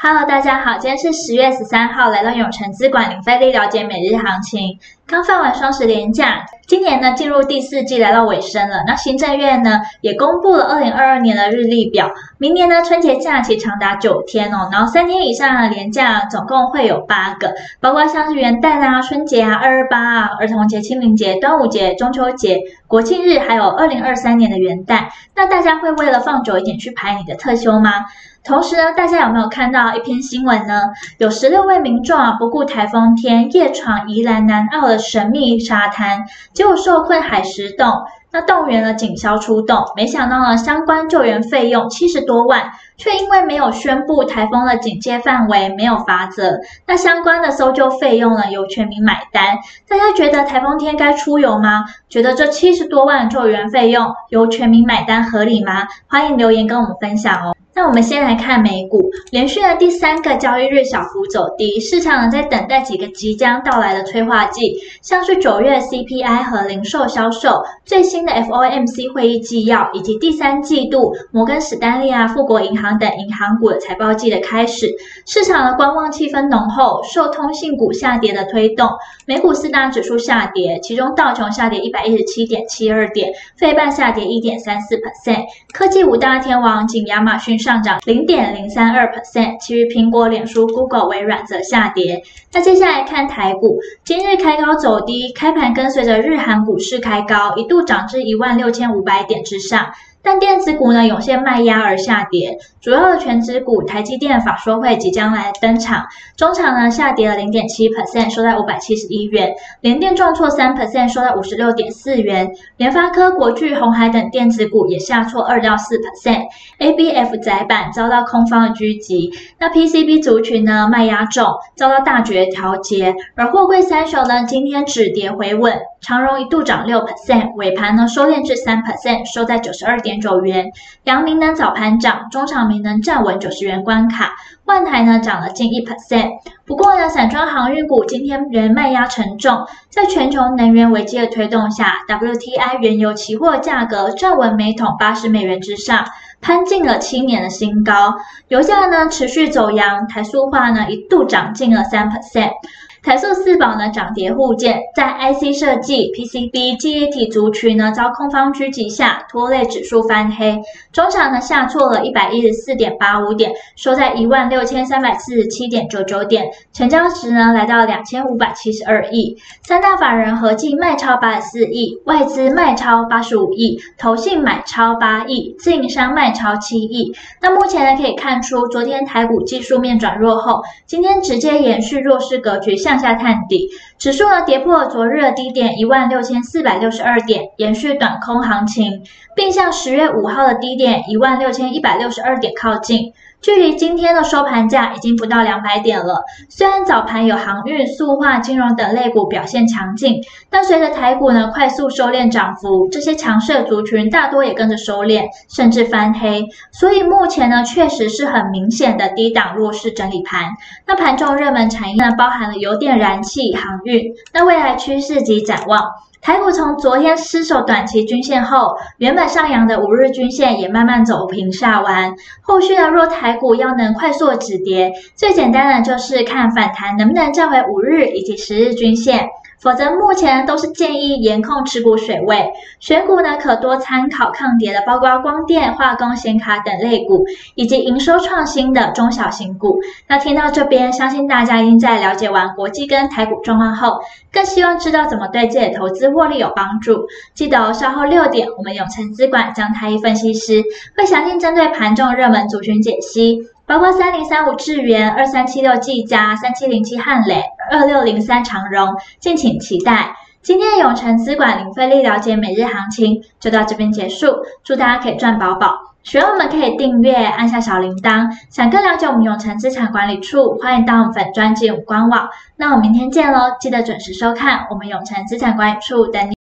Hello，大家好，今天是十月十三號，來到永誠資管林飛利了解每日行情。剛放完雙十連假，今年呢進入第四季來到尾聲了。那行政院呢也公布了二零二二年的日曆表，明年呢春節假期長達九天哦，然後三天以上的連假總共會有八個，包括像是元旦啊、春節啊、二二八啊、兒童節、清明節、端午節、中秋節、國慶日，還有二零二三年的元旦。那大家會為了放久一點去排你的特休嗎？同時呢，大家有沒有看到一篇新聞呢？有十六位民眾啊，不顧颱風天，夜闖宜蘭南澳的神秘沙灘，結果受困海蝕洞，那動員了警消出動，沒想到呢，相關救援費用七十多萬。卻因為沒有宣布台風的警戒範圍，沒有罰則。那相關的搜救費用呢，由全民買單。大家覺得台風天該出遊嗎？覺得這七十多萬的救援費用由全民買單合理嗎？歡迎留言跟我們分享哦。那我們先來看美股，連續的第三個交易日小幅走低，市場呢在等待幾個即將到來的催化劑，像是九月 CPI 和零售銷售，最新的 FOMC 會議紀要，以及第三季度摩根史丹利啊、富國銀行。等銀行股的財報季的開始，市場的觀望氣氛濃厚，受通信股下跌的推動，美股四大指數下跌，其中道瓊下跌一百一十七點七二點，費半下跌一點三四 percent，科技五大天王僅亞馬遜上漲零點零三二 percent，其餘蘋果、臉書、Google、微軟則下跌。那接下來看台股，今日開高走低，開盤跟隨着日韓股市開高，一度漲至一萬六千五百點之上。但電子股呢湧現賣壓而下跌，主要的權值股台積電法說會即將來登場，終場呢下跌了零點七 percent，收在五百七十一元，聯電重挫三 percent，收在五十六點四元，聯發科、國巨、鴻海等電子股也下挫二到四 percent，ABF 載板遭到空方的狙擊，那 PCB 族群呢賣壓重，遭到大絕調節，而貨櫃三雄呢今天止跌回穩。長榮一度漲六 percent，尾盤呢收斂至三 percent，收在九十二點九元。陽明呢早盤漲，中場沒能站穩九十元關卡。萬台呢漲了近一 percent，不過呢，散裝航運股今天仍賣壓沉重。在全球能源危機的推動下，WTI 原油期貨價格站穩每桶八十美元之上，攀進了七年的新高。油價呢持續走揚，台塑化呢一度漲近了三 percent。台塑四寶呢漲跌互見，在 IC 設計、PCB、記憶體族群呢遭空方狙擊下，拖累指數翻黑，中場呢下挫了一百一十四點八五點，收在一萬六千三百四十七點九九點，成交值呢來到兩千五百七十二億，三大法人合計賣超八十四億，外資賣超八十五億，投信買超八億，自營商賣超七億。那目前呢可以看出，昨天台股技術面轉弱後，今天直接延續弱勢格局下向下探底。指數呢跌破昨日的低點一萬六千四百六十二點，延續短空行情，並向十月五號的低點一萬六千一百六十二點靠近，距離今天的收盤價已經不到兩百點了。雖然早盤有航運、塑化、金融等類股表現強勁，但隨着台股呢快速收斂漲幅，這些強勢的族群大多也跟着收斂，甚至翻黑。所以目前呢確實是很明顯的低檔弱勢整理盤。那盤中熱門產業呢包含了油電、燃氣、航運。嗯、那未來趨勢及展望，台股從昨天失守短期均線後，原本上揚的五日均線也慢慢走平下彎。後續的若台股要能快速止跌，最簡單的就是看反彈能不能站回五日以及十日均線。否則，目前都是建議嚴控持股水位，選股呢可多參考抗跌的，包括光電、化工、顯卡等類股，以及營收創新的中小型股。那聽到這邊，相信大家應在了解完國際跟台股狀況後，更希望知道怎麼對自己的投資獲利有幫助。記得哦，稍後六點，我們永成資管張台一分析師會詳細針對盤中熱門族群解析。包括三零三五智源、二三七六技嘉、三七零七漢磊、二六零三長榮，敬請期待。今天的永誠資管零費力了解每日行情就到這邊結束，祝大家可以賺飽飽。喜歡我們可以訂閱，按下小鈴鐺。想更了解我們永誠資產管理處，歡迎到我們粉專進官網。那我們明天見嘍，記得準時收看我們永誠資產管理處，等你。